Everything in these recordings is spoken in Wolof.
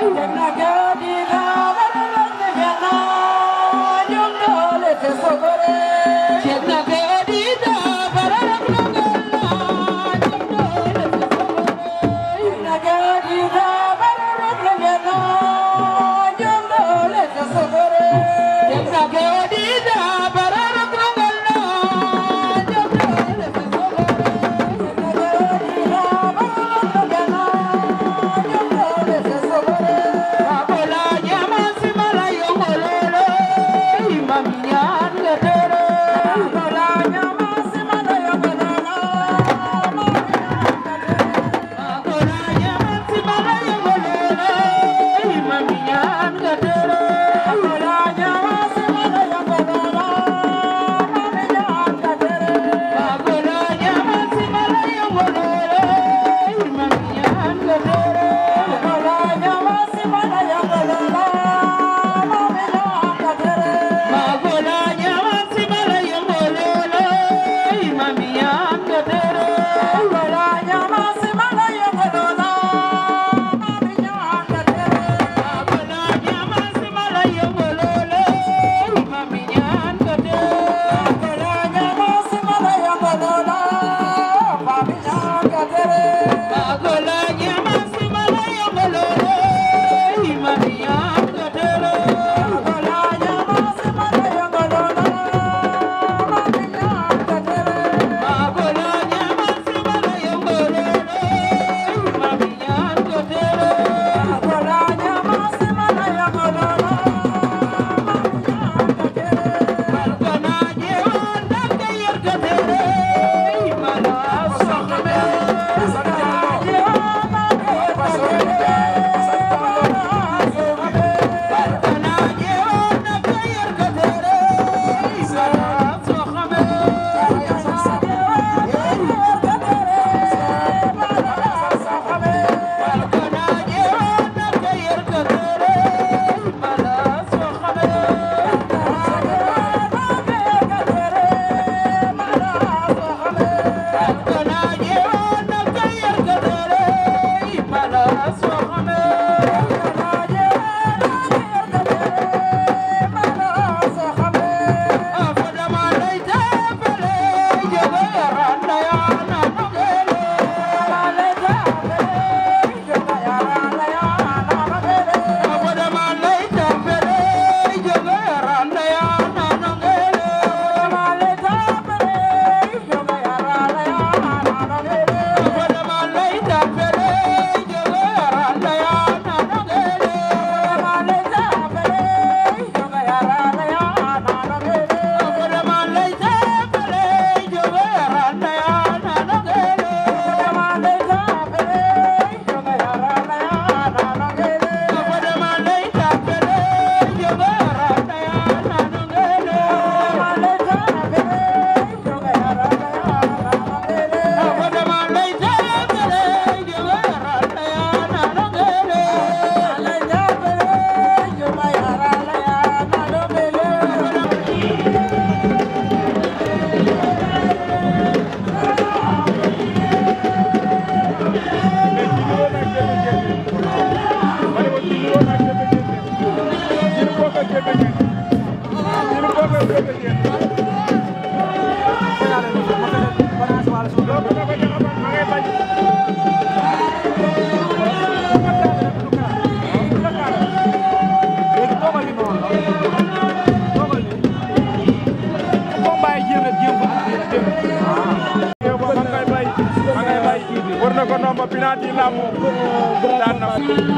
Hey, Ragnar, go! na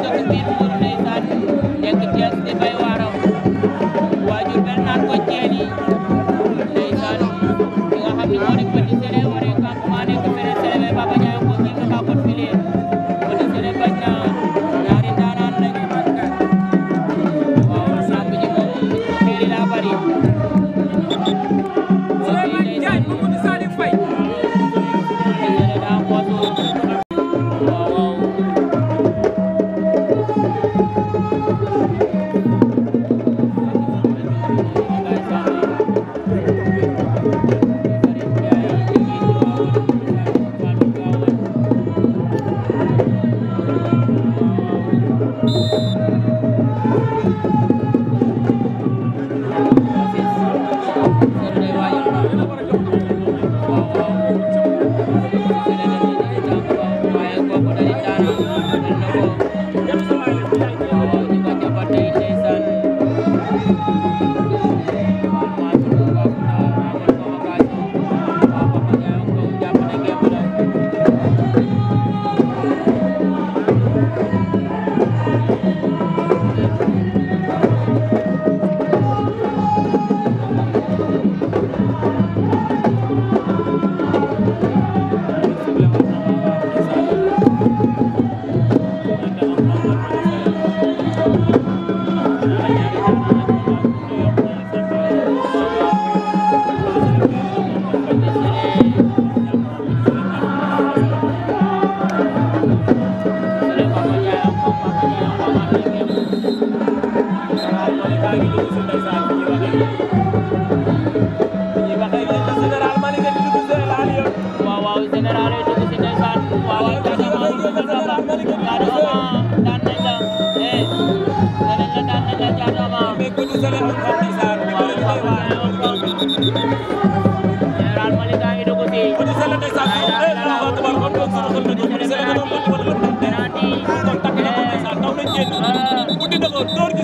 Lord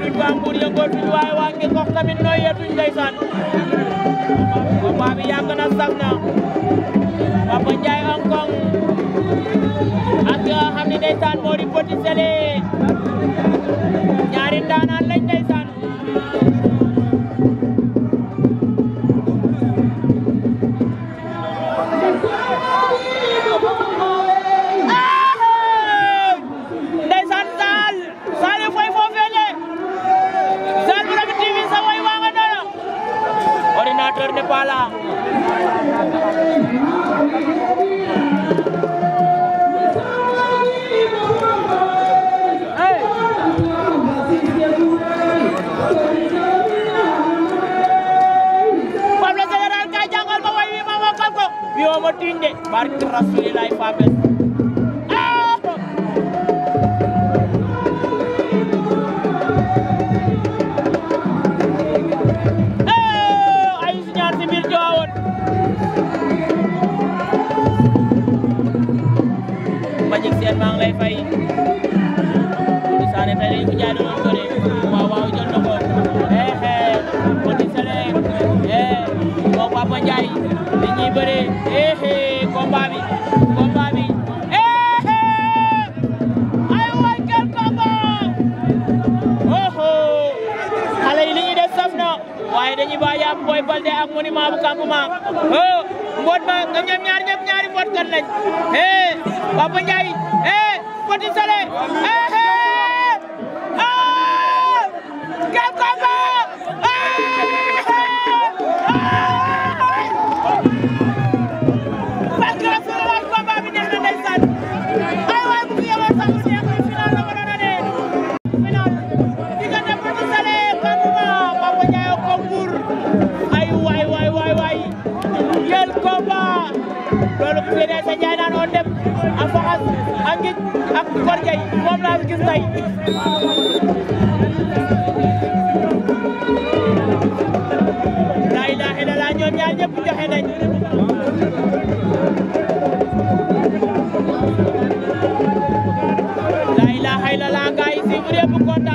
yëngootuñ waa Mbour yëngootuñ waaye waa Ngesox tamit noyyeetuñ ndeysaan combat bi yàgg na sax na Papa Ndiaye Hong Kong ak nga xam ne ndeysaan moo di Petit Sélé ñaari ndaanaan lañ ndeysaan oh mboot ba ñoom ñoom ñaar ñëpp ñaari mboot kan lañ eh Papa Ndiaye eh Petit Sélé eh ah quel combat ak ngi ak Kor Ndiaye moom laa fi gis tey laa ilaaha illallaah ñoom ñaar ñëpp joxe nañ laa ilaaha illallaah gaay si bu dee bu kontaan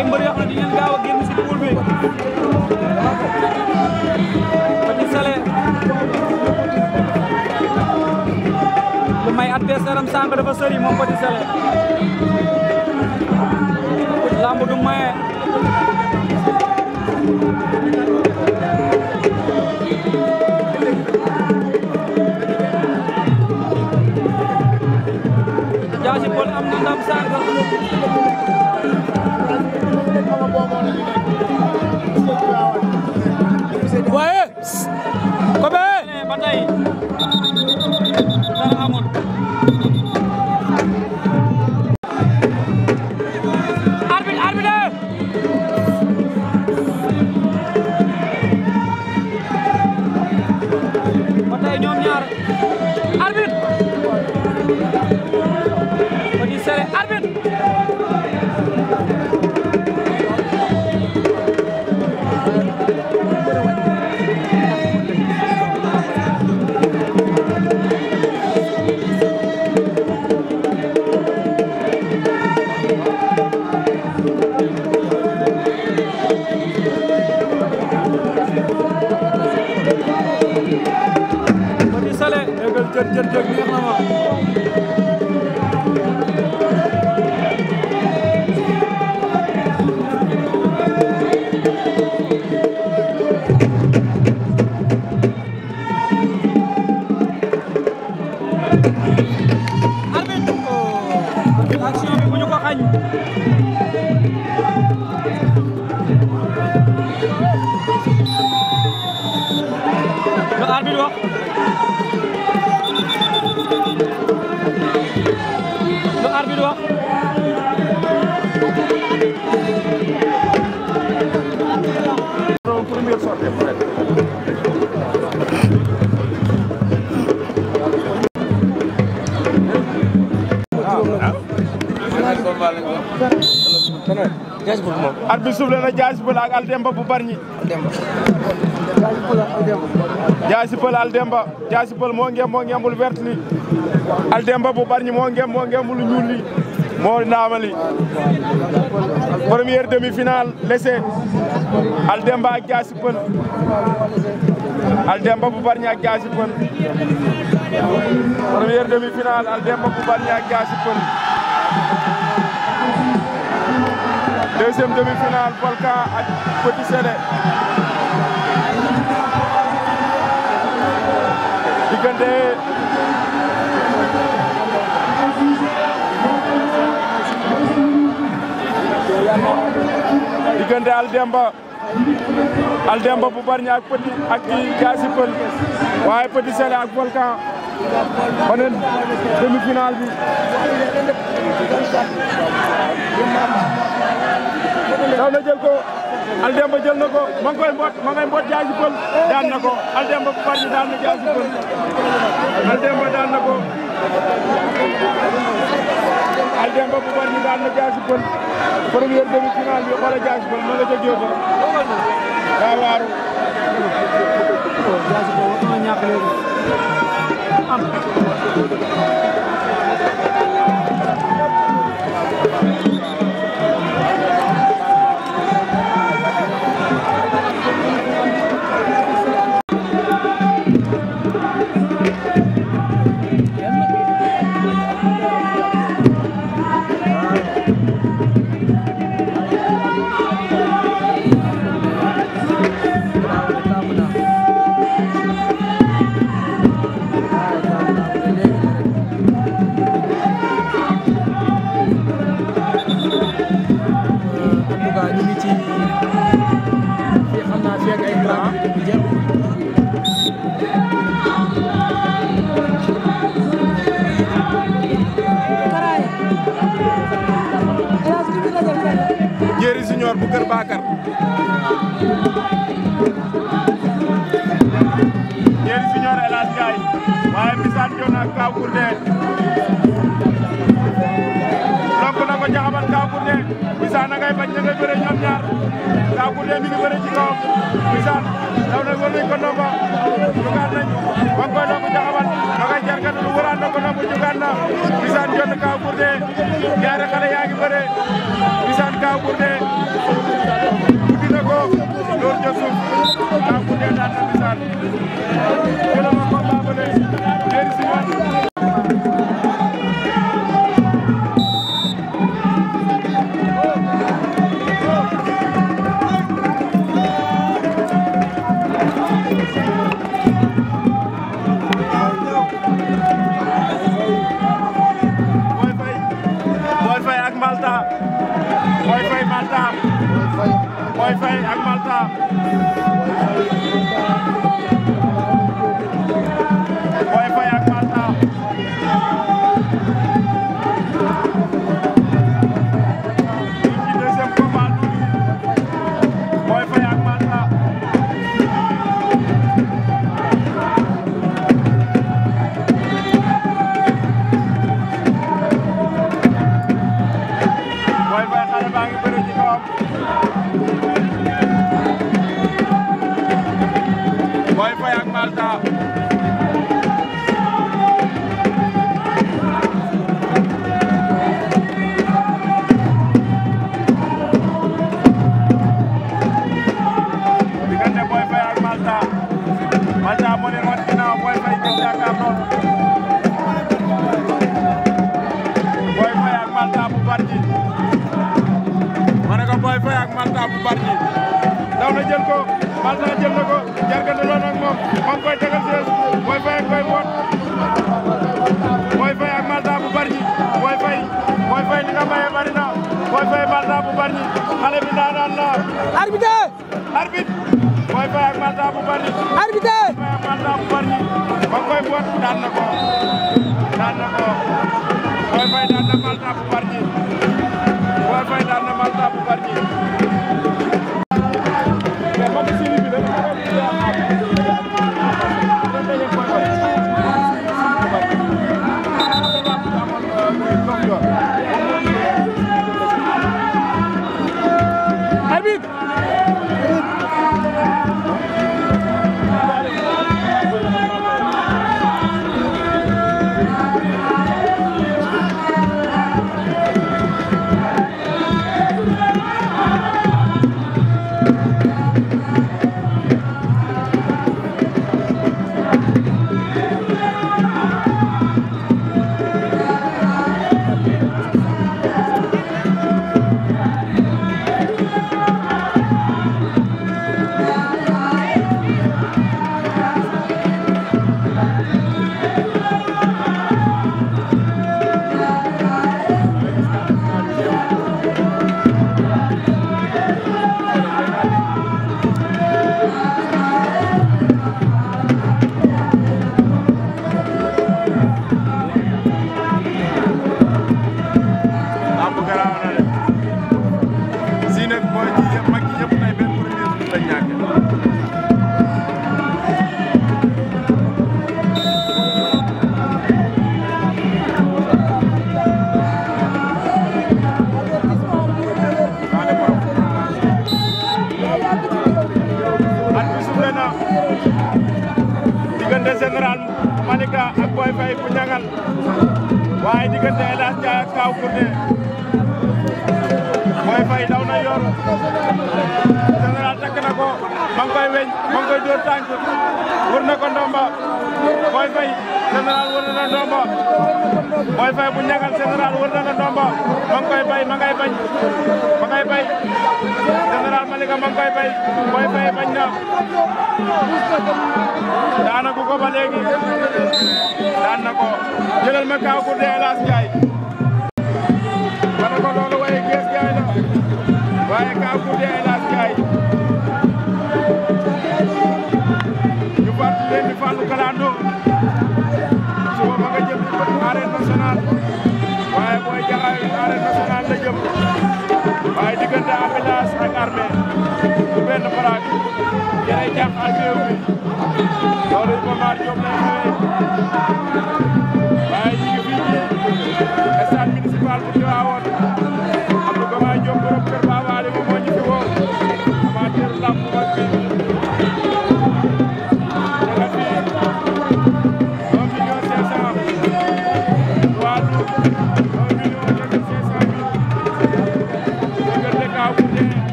ay mbër yoo xam ne dañu leen gaaw a génn si pool bi Petit Sélé lu may adversaire am sànq dafa moom Petit Sélé jaasi Paul am na ndam sànq at bi suuf la ak aldemba bu barñi jaasi pël aldemba jaasi moo ngem moo ngembul vert li aldemba bu barñi moo ngem moo ngembul ñuul li moo ndaamali première demi-finale lese aldemba ak jaasi aldemba bu barñi ak jaasi deuxième demi-finale Volcan ak Petit Sélé diggante diggante Aldemba Aldemba bu Bargny ak Petit ak kii Diassy Peulh waaye Petit Sélé ak Volcan beneen demi-finale bi daw na jël ko Aldemba jël na ko ma ngi koy mbot ma ngay mbot jaasi pël daan na ko Aldemba bu parñi daan na jaasi pël Aldemba daan na ko Aldemba bu parñi daan na jaasi pël première demi-finale bi xoola jaasi pël ma nga ca géew ba daa waaru jaasi pël war na ñàkk léegi am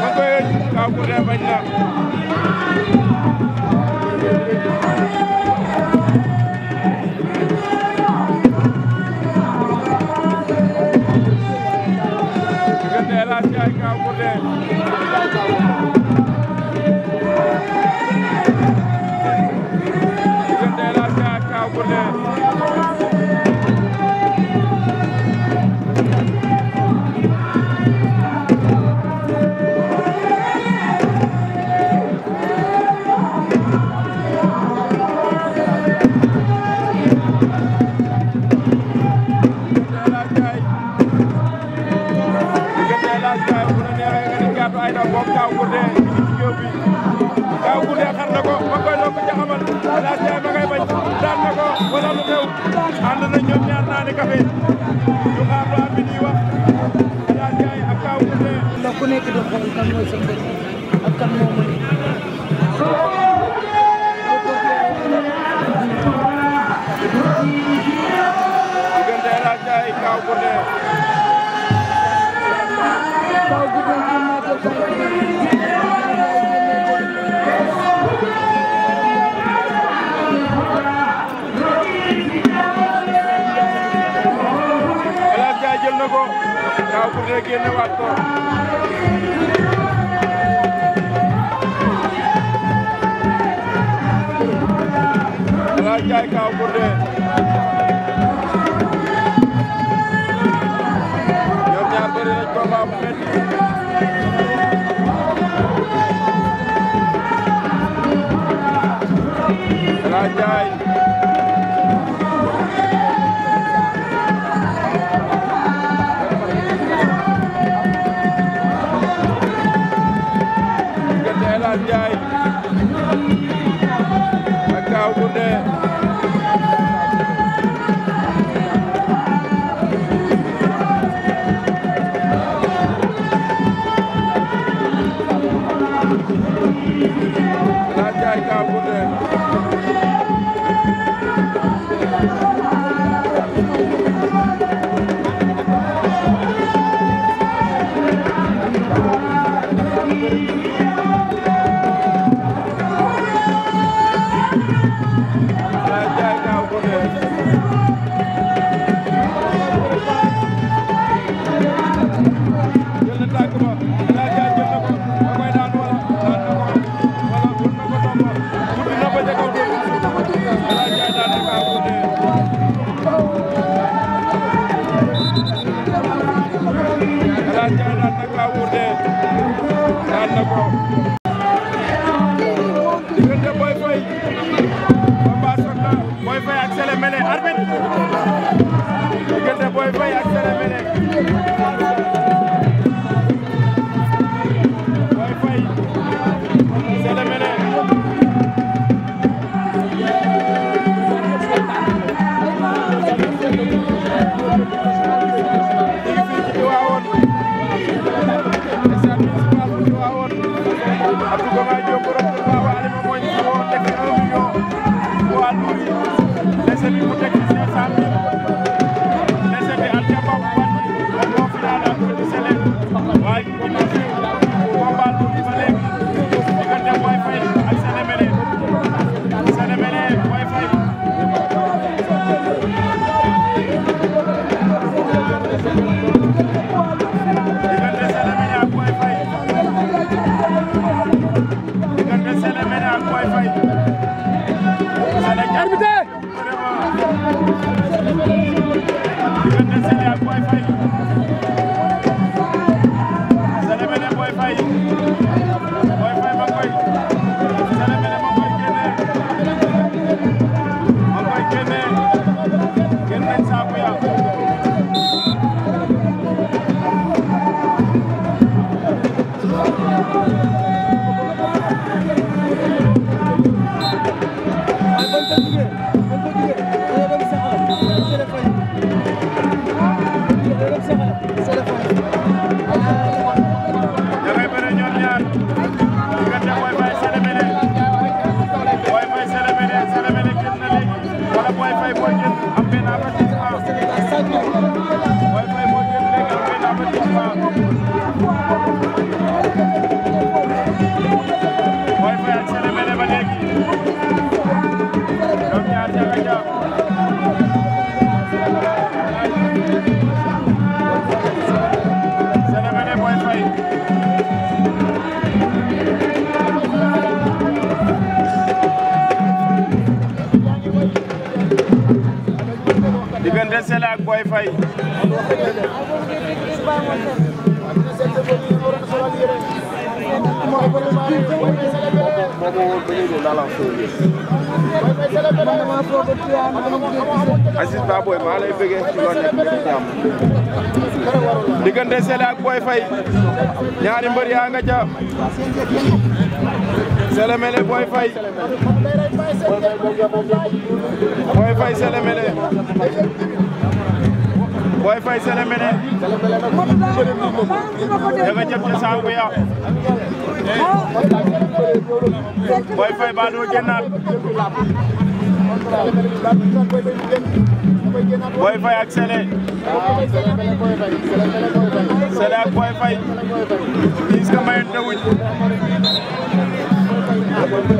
ma koy waaw Gourdin bañ na Souley xar na ko ba koy loo ko jaxamal Elhadj Ndiaye ma ngay bañ daan na ko wala lu xew ànd nañ ñoom ñaar naani café ñu xaar lu am bi ñuy wax Elhadj Ndiaye ak Kaw Goundé. ndax ku nekk di xool kan mooy sa mbër ak kan moo mën diggante Elhadj Ndiaye Kaw Goundé. Kaw Goundé Gaaw pour ne génne waat ko Wala jaay Gaaw pour ne ñoom ñaar bëri nañ combat bu metti de Thank you. diggante Sélé ak Boy Faye Aziz Ba Boy maa lay bëggee ci loo nekk ci jàmm ak Boy ñaari mbër yaa nga ca Sélé-Mélé Boy Faye Boy Faye Sélé-Mélé Boy Faye Sélé-Mélé ca saaku ya Boy Faye ba doo génnaat Boy Faye ak Sélé Sélé ak Boy Faye gis nga mayante wuñ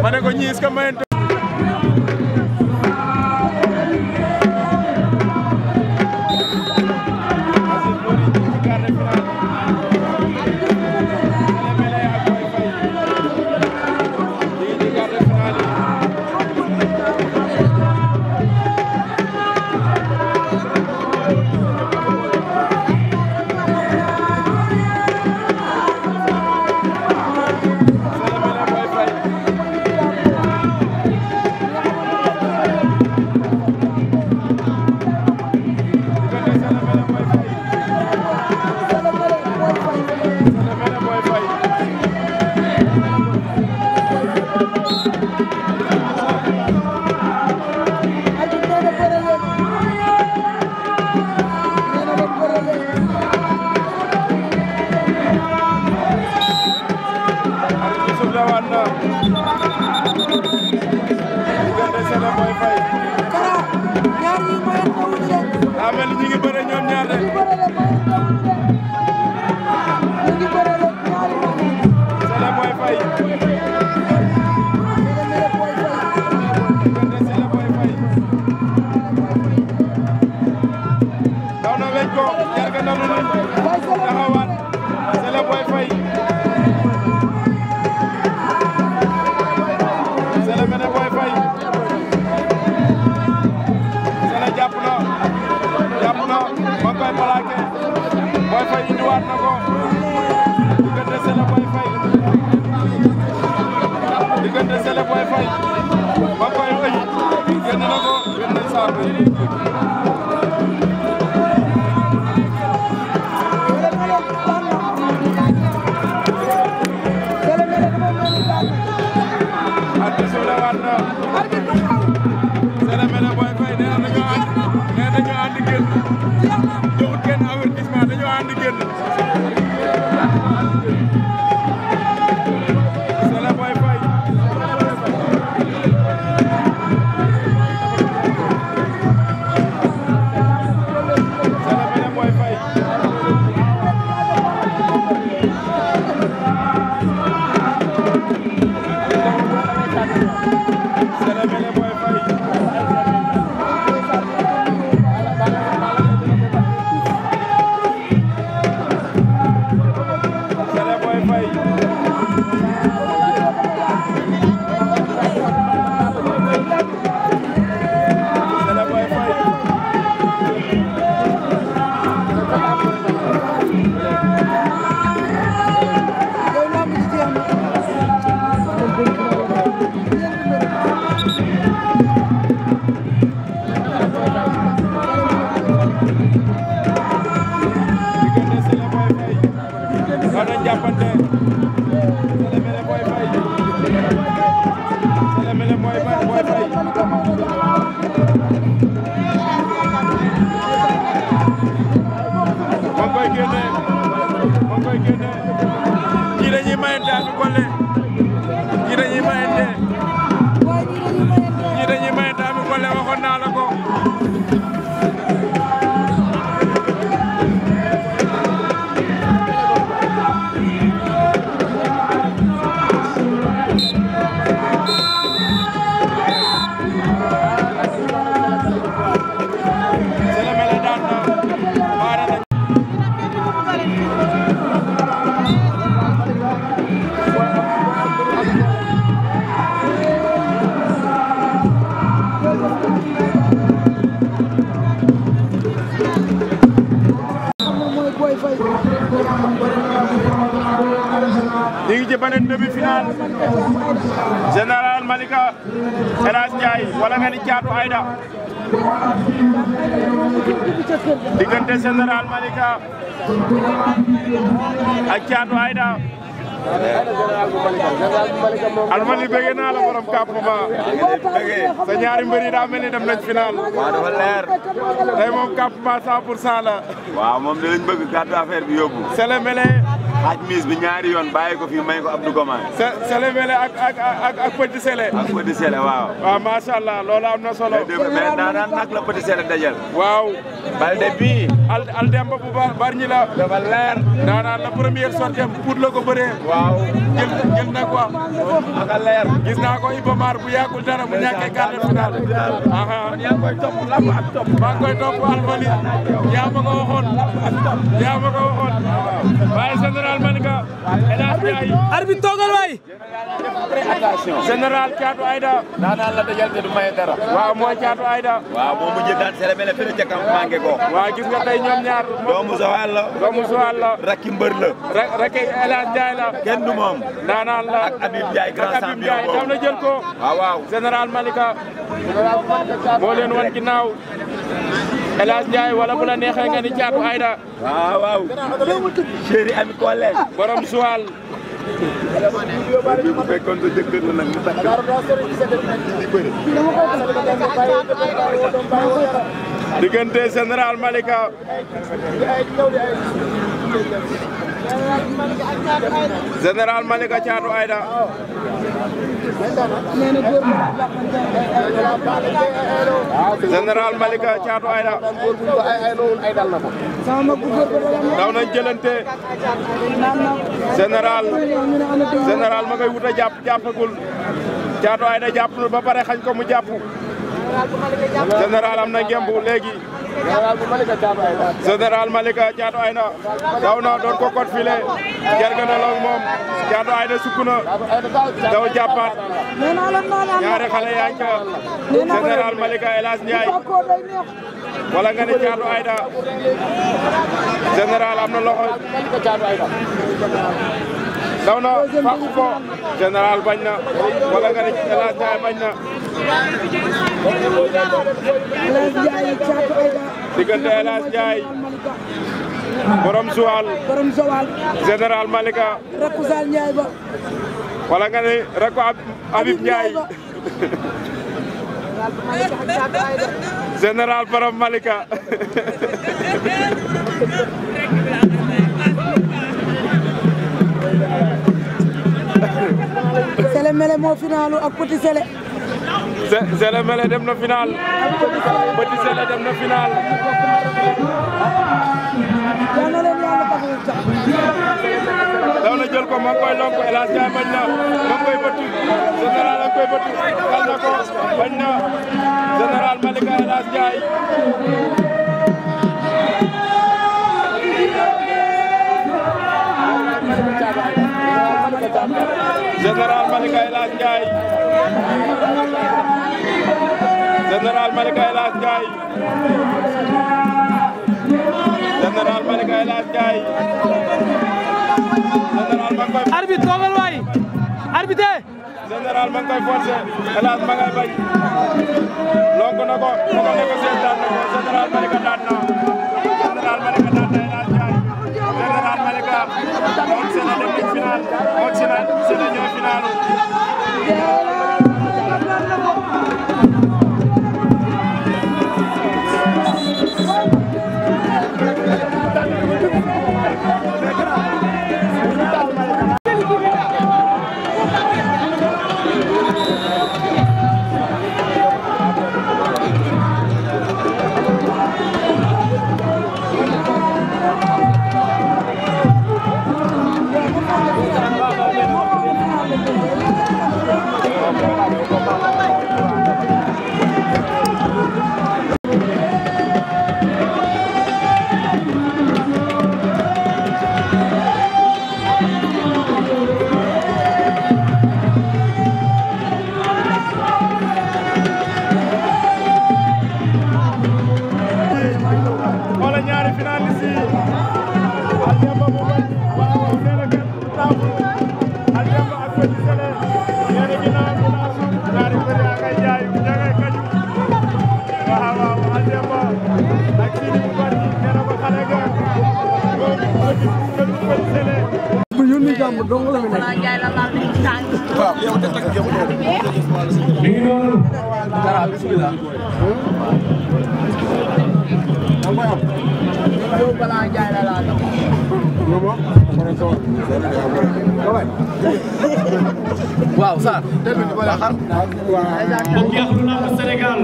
ma ne ko ñii est-ce que ñu ngi Kapaba sa ñaari mbër yi daa mel ni dem waaw moom Kapaba la. waaw bëgg gàddu affaire bi yóbbu. Sele Mele. xaaj mise bi ñaari yoon bàyyi ko fii may ko Abdou Sele Mele ak ak Sele. ak Petit Sele waaw. waaw macha allah na solo. mais daanaka nag la Petit Sele dajal. waaw. Balde bii. al demba bu baax Bargny la. dafa leer. daanaan la première ko bëree. waaw jël na ko am. aka leer. naa ko Iba Mar bu yàggul dara mu ñàkkee quart de finale. Ah, ah, ah. kon koy topp Alfali. yaa ko waxoon. yaa ma ko waxoon. waaye général Malika. El Hadj Ndiaye. arbitre toogal waay. général Thiatou Aïda. daanaan la dajal te du maye dara. waaw mooy Thiatou Aïda. waaw moom mu jël daan cérémonie fële ca campement Ngego. waaw gis tey ñoom ñaar. doomu Joal la. doomu Joal la. rakki mbër la. rek rek El la. kenn du moom. naanaan la ak Habib Ndiaye grand champion na jël ko. waaw waaw général Malika. moo leen wan ginnaaw. El Hadj Ndiaye bu la neexee nga ni caatu Ayda. waaw waaw. chéri ami collège. borom diggante général Malika général Malika Thiatou Malika Thiatou Aida daw nañ jëlante général général ma ngay wut a jàpp ba pare xañ ko mu jàpp général am na ngemb léegi. général Malika Thiatou Ayna na doon ko kot file jargandaloo ak moom Thiatou Ayna na daw jàppaat ñaari xale yaa ngi ca général Malika El Hadj Ndiaye wala nga ne am na loxo. daw na ko général bañ na wala nga ne El Hadj bañ na. diggante El borom Joal. borom Malika. rakku Zal Ndiaye ba. wala nga ne rakku Habib Ndiaye. général borom Malika. Mele moo finalu ak Petit Sélé. Sélé Mele dem na final. Petit Sélé dem na final. yaa na leen yàlla taxawal ca. daw na jël ko maa ngi koy lonk El Hadj Ndiaye bañ na maa ngi koy bëtt général a ngi koy bëtt ko bañ na général Malika El Hadj Ndiaye. général Malika Elas Ndiaye général Malika Elas Ndiaye général Malika Elas Ndiaye général ma ngi koy. arbitre toogal waay arbitre. général ma ngi koy forcé Elas ma ngay bañ lonk na ko da nga négocier daan na ko général Malika daan na général Malika. Malika Malika on sera demi-finale on sera sera ñoo finale waaw Sarr. mbokk yi ak lu naan Sénégal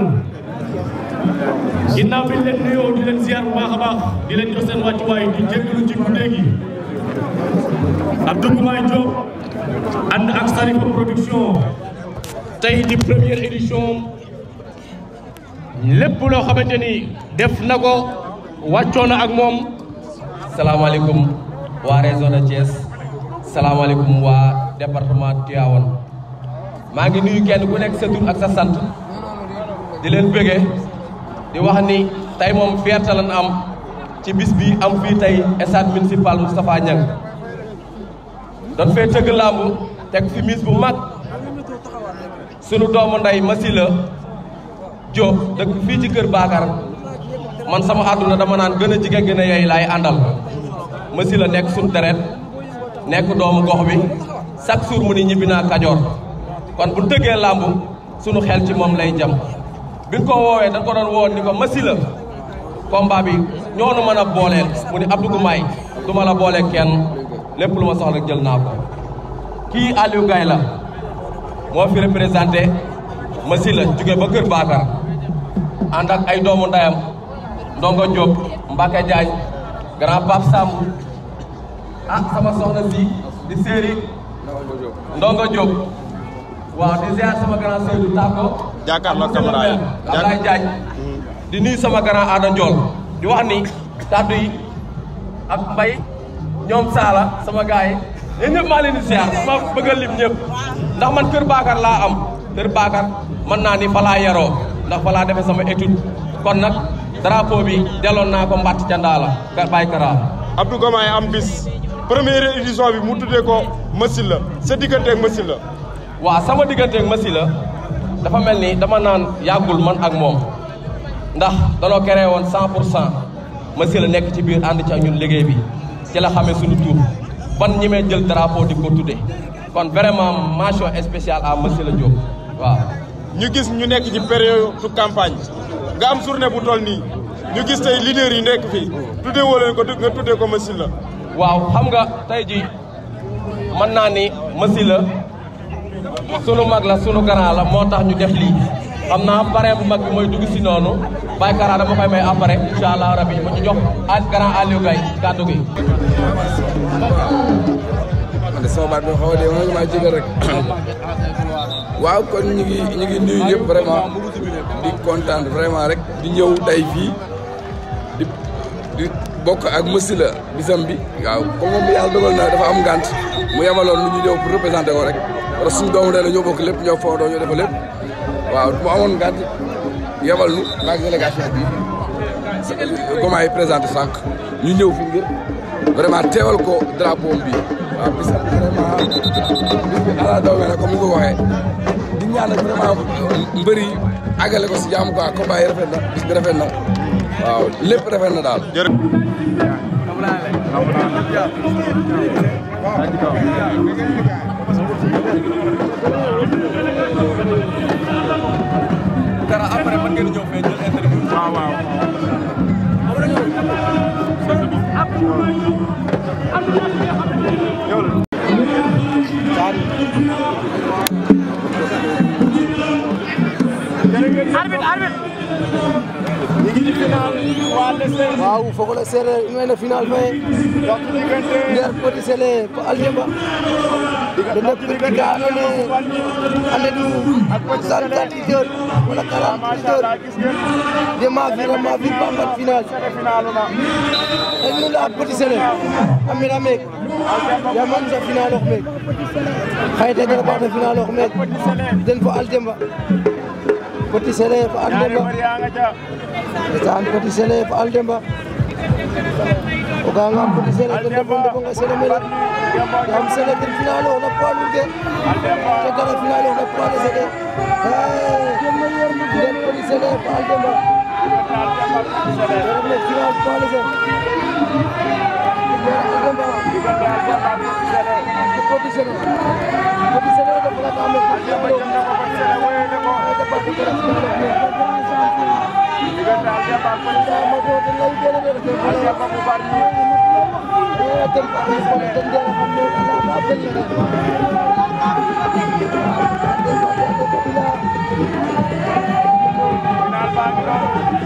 ginnaaw bi ñu leen nuyoo di leen ziar bu a baax di leen jox seen wàccuwaay di jéggalu ci guddee gi Abdou Mbaye Diop ànd ak Sarifa production tey di première édition lépp loo xamante ni def na ko wàccoon na ak moom. salaamaaleykum waa région de salaamaaleykum waa département Tivaouane maa ngi nuyu kenn ku nekk sa ak sa sant di leen bëgge di wax ni tey moom fierté lañ am ci bis bi am fii tey stade municipal Moustapha Niang doon fee tëgg làmb teg fi mise bu mag sunu doomu ndey Masila Diop dëkk fii ci kër Bakar man sama àdduna dama naan gën a jige gën a yey laay àndal Masila nekk sunu deret nekk doomu gox bi chaque jour mu ni ñibbi naa Kajoor kon bu tëggee làmb sunu xel ci moom lay jam bi ko woowee dañ ko doon woo ni ko masi la combat bi ñoonu mën a booleel mu ni Abdou may du ma la boole kenn lépp lu ma soxla jël naa ko kii Aliou la moo fi représenté masi la jóge ba Kër Bakar ànd ak ay doomu ndayam Ndongo Diop Mbacke Diagne grand Pape Samb ah sama soxna si di waaw di ziar sama grand sœur du Tako. jàkkaarloo caméra yi Ablaye Diagne di nuyu sama grand Ada Ndiol di wax ni ñoom Saala sama gars yi yéen ñëpp maa leen di ziar a lim ñëpp ndax man Kër Bakar laa am Kër Bakar mën naa ni fa laa yaroo ndax fa laa sama étude kon nag drapeau bi delloon naa ko mbàtt ca Ndala Kër Baye Gomaay am bis. première édition bi mu tuddee ko Massila sa digganteeg Massila. waaw sama digganteeg Massila dafa mel ni dama naan yàggul man ak moom ndax danoo créé woon 100 pour cent Massila nekk ci biir ànd ci ak ñun liggéey bi ci la xamee suñu tur ban ñi may jël drapeau di ko tuddee kon vraiment mention spéciale à Massila Diop waaw. ñu gis ñu nekk ci période su campagne nga am surne bu toll nii ñu gis tey leader yi nekk fii tuddee woo leen ko nga tuddee ko Massila. waaw xam nga tey ji man naa ni Massi la sunu mag la sunu garaa la moo tax ñu def lii xam naa parrain bu mag bi mooy dugg si noonu Baye Kara dama koy may après incha allah rabi mu ñu jox ak grand Aliou waaw kon ñu ngi ñu ngi di kontaan vraiment rek di ñëw tey fii di. bokk ak mësi la bisam bi waaw comme moom yàlla dogal na dafa am ngànt mu yemaloon nu ñu ñëw pour représenté ko rek parce que suñu doomu ñoo bokk lépp ñoo foodoo ñoo defa lépp waaw mu amoon ngànt yemal nu maag délégation bi comment yi présenté sànq ñu ñëw fi ngir vraiment teewal ko drapeau bi waaw bisam vraiment bis ko waxee di ñaan nag vraiment mbëri àggale ko si jaamu ko ak ko yi rafet na bis bi rafet na waaw lépp rafet na daal. dara après mën ngeen ñëw fee jël interview. waaw waaw. yow la. final waa Ndefleng. waaw Fokole Seereer in way no final fe dox den ref petit ka andoona yee a ndedu soixante-dix-huit heures wala meek den fo Aldiaba Petit Sélé fo ndeysaan petit sele fo Aldemba o ga nga petit sele ke ndefo ndefo nga sele mele yaam sele ten final ona poids lourd ke to gara final ona poids léger ke den petit sele fo Aldemba ne final poids léger Aldemba petit sele petit sele o defa la ka me final o defa la ka me diggante Algéba ak Petit Lo Algéba bu bari ñu. final baa ngi noonu.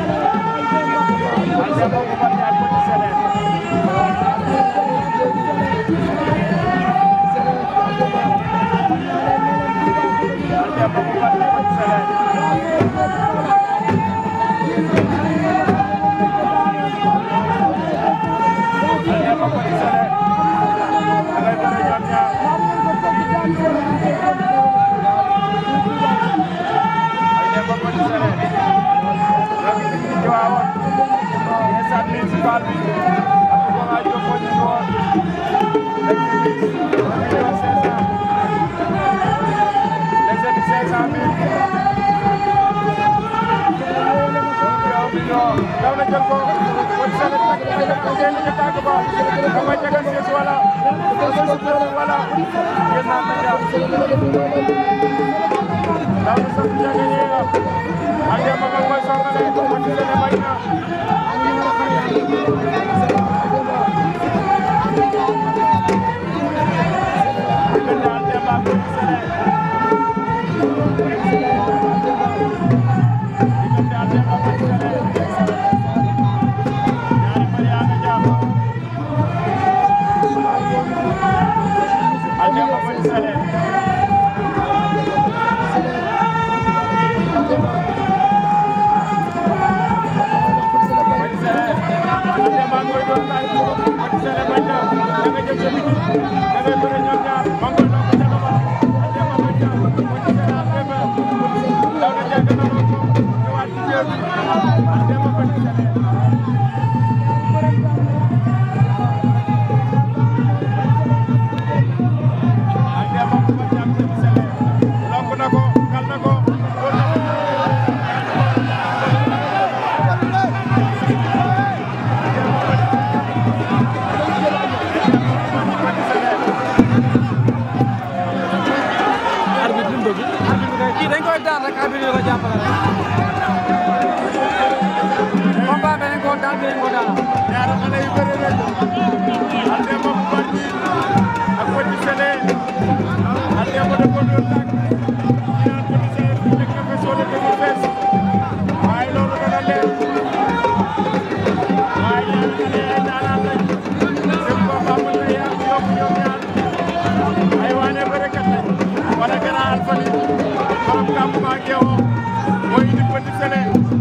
vidéo mooy indi Petit Sélé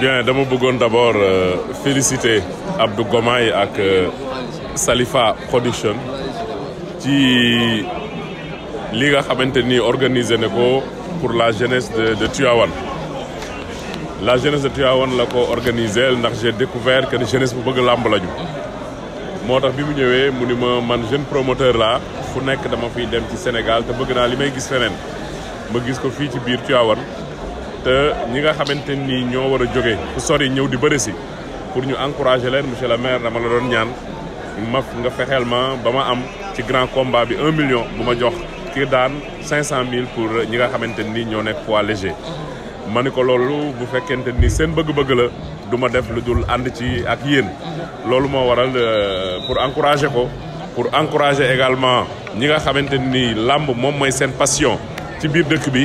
bien dama bëggoon d'abord euh, féliciter Abdou Gomaay ak euh, Salifa Production ci lii nga xamante ni organiser ne ko pour la jeunesse de de Tivaouane la jeunesse de Tivaouane la ko organisé ndax j'ai découvert que ni jeunesse bu bëgg làmb lañu moo tax bi mu ñëwee mu ni ma man jeune promoteur la fu nekk dama fiy dem ci Sénégal te bëgg naa li may gis feneen ma gis ko fii ci biir ci Tivaouane te ñi nga xamante ni ñoo war a jóge fu sori ñëw di bëri si pour ñu encourager leen monsieur le maire ma la doon ñaan ma nga fexeel ma ba ma am ci grand combat bi un million bu ma jox kii daan cinq cent mille pour ñi nga xamante ni ñoo nekk poids léger ma ni ko loolu bu fekkente ni seen bëgg-bëgg la du ma def lu dul ànd ci ak yéen loolu moo waral euh, pour encourager ko pour encourager également ñi nga xamante ni làmb moom mooy seen passion ci biir dëkk bi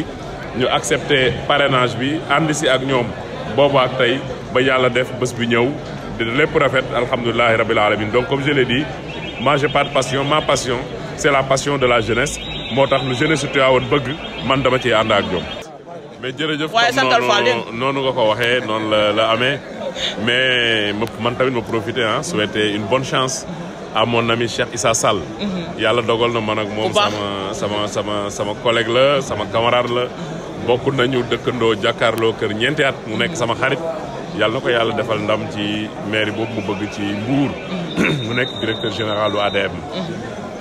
ñu accepté parrainage bi ànd si ak ñoom boobu ak tey ba yàlla def bés bi ñëw lépp rafet alhamdulilahi rabil alamin donc comme je l'ai dit moi j'ai pas de passion ma passion c'est la passion de la jeunesse moo tax lu jeunesse Tivaouane bëgg man dama ciy ànd ak ñoom mais jërëjëf noonu noonu nga ko waxee noonu la la amee mais man tamit ma profiter ah souhaiter une bonne chance amoon na ami Cheikh Issa Sall. Mhm. yàlla dogal na man ak moom sama sama sama sama collègue la sama camarade la. bokk nañu dëkkandoo jàkkaarloo kër ñeenti at mu nekk sama xarit yàlla na ko yàlla defal ndam ci mairie boobu mu bëgg ci Mbour. Mhm. mu nekk directeur général du ADM. Mhm.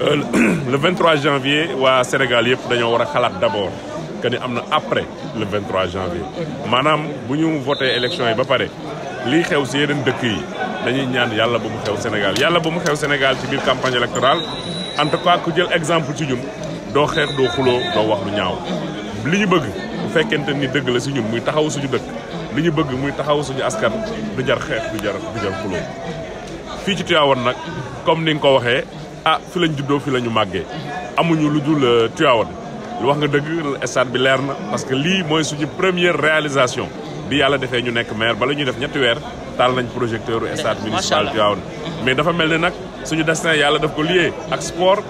Euh, le 23 janvier waa Sénégal yëpp dañoo war a xalaat d'abord que ni am na après le 23 janvier. maanaam bu ñu voté élection yi ba pare lii xew si yeneen dëkk yi. dañuy ñaan yàlla bu mu xew Sénégal yàlla bu mu xew Sénégal ci biir campagne électorale en tout cas ku jël exemple ci ñun doo xeex doo xuloo doo wax lu ñaaw li ñu bëgg bu fekkente ni dëgg la si ñun muy taxaw suñu dëkk li ñu bëgg muy taxaw suñu askan du jar xeex du jar du jar xuloo fii ci Tivaouane nag comme ni nga ko waxee ah fi lañ juddoo fi la ñu màggee amuñu lu dul euh, Tivaouane wax nga dëgg stade bi leer na parce que lii mooy suñu première réalisation bi yàlla defee ñu nekk maire bala ñuy def ñetti weer taal nañ projecteur u stade municipal Tivaouane mais dafa mel ne nag suñu destin yàlla daf ko lié ak sport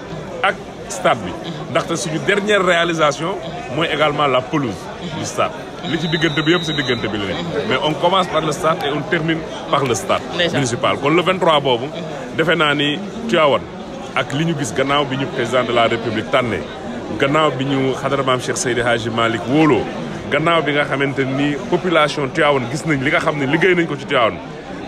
ak stade bi ndaxte suñu dernière réalisation mooy également la pelouse du stade li ci diggante bi yëpp si diggante bi la ne mais on commence par le stade et on termine par le stade municipal kon le boobu defe naa ni Tivaouane ak li ñu gis gannaaw bi ñu président de la république tànnee gannaaw bi ñu xadara maam Cheikh Seydi Hadji gannaaw bi nga xamante ni population Tivaouane gis nañ li nga xam ne liggéey nañ ko ci Tivaouane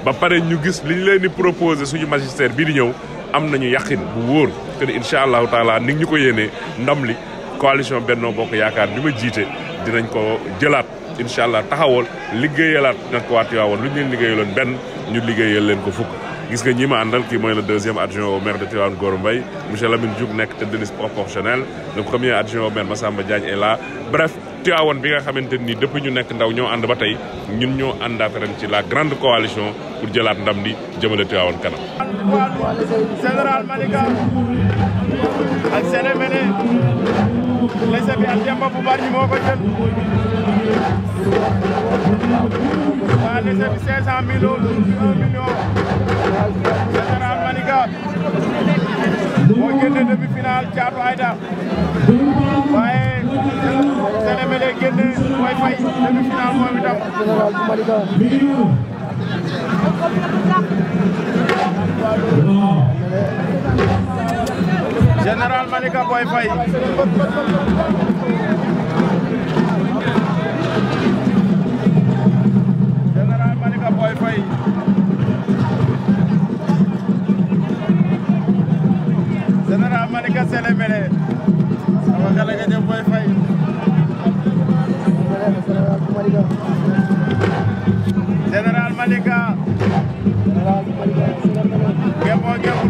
ba pare ñu gis li ñu leen di proposé suñu magistère bi di ñëw am nañu yaqin bu wóor que ni incha allahu taala nit ñu ko yéenee ndam li coalition Benno Bokk Yaakaar bi ma jiite dinañ ko jëlaat incha allah taxawal liggéeyalaat nag waa Tivaouane lu ñu leen liggéeyaloon benn ñu liggéeyal leen ko fukk. gis nga ñi ma àndal kii mooy le deuxième adjoint au maire de Tivaouane Gora Mbaye monsieur Lamine Tivaouane bi nga xamante ni depuis ñu nekk ndaw ñoo ànd ba tey ñun ñoo àndaat ren ci la grande coalition pour jëlaat ndam di jëmale Tivaouane kanam. général Malika ak Sénémene lese bi ak Demba bu bari moo ko jël waa lese bi 500000 loolu 1 million général Malika moo génne demi final Thiatou Aïda waaye. Sénégalais génn Malika. général sama xale booy fay général Malika gemo gemo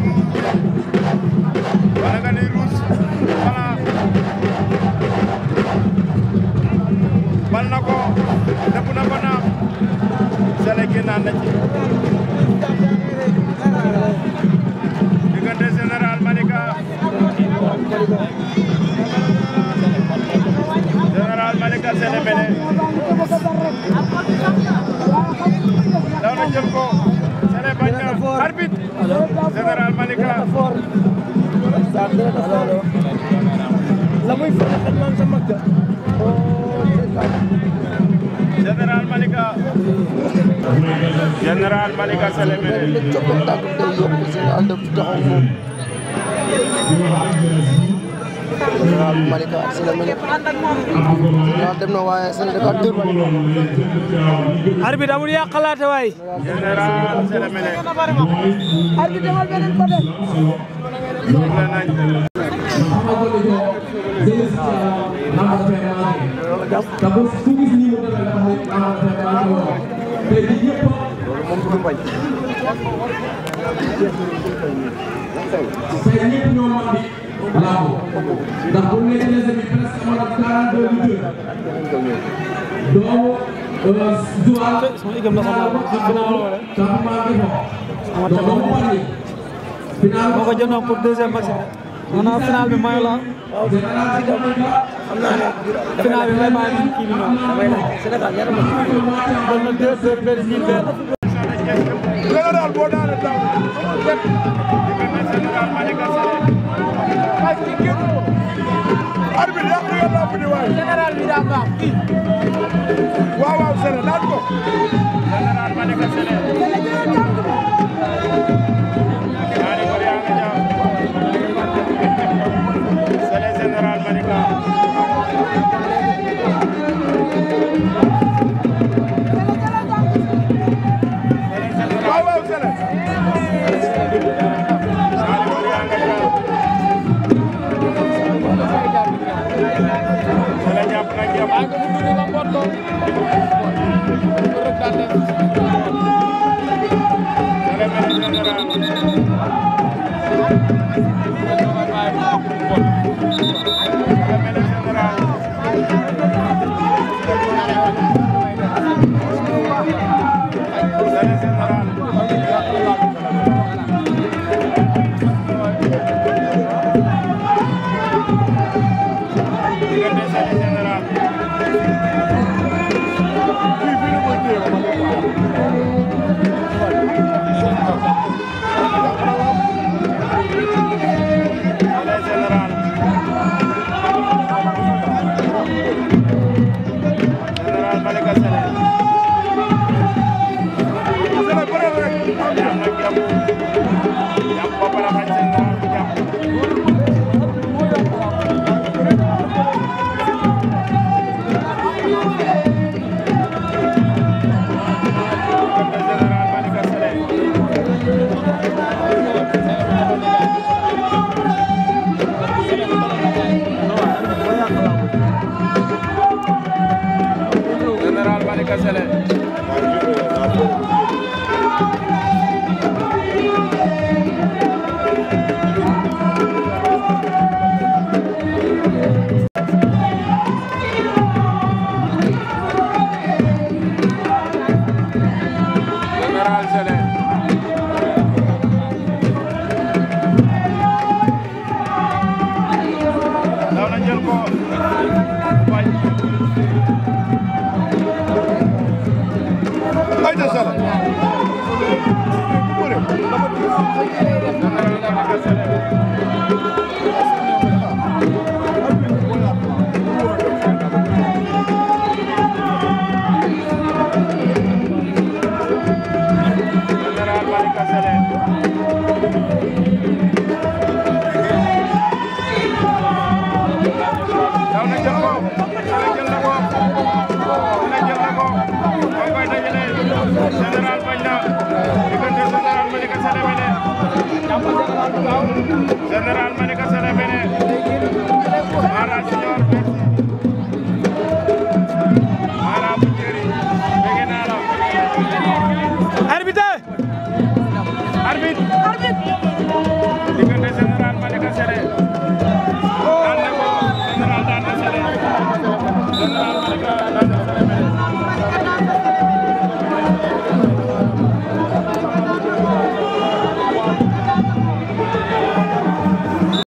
wala nga ni ruus wala bal na ko dëpp na ko naam sele naan na ci diggante général Malika Sélé Bélé daw na jël ko Sélé bañ na arbitre général Malika la muy fële xel man sa mag général Malika général Malika Sélé Bélé général bu Malika ak Sile Mbile. waaw dem na waaye Sile da ko am tur. arbitre amul yàqalaate waay. général Sile Mbile. arbitre demal beneen côté. loolu moom du bañ. donc Dua. moo ko jëndoon pour deuxième match bi. maanaam final bi mayu la. final bi may bàyyi nañu kii bi noonu. Général Malika Sélé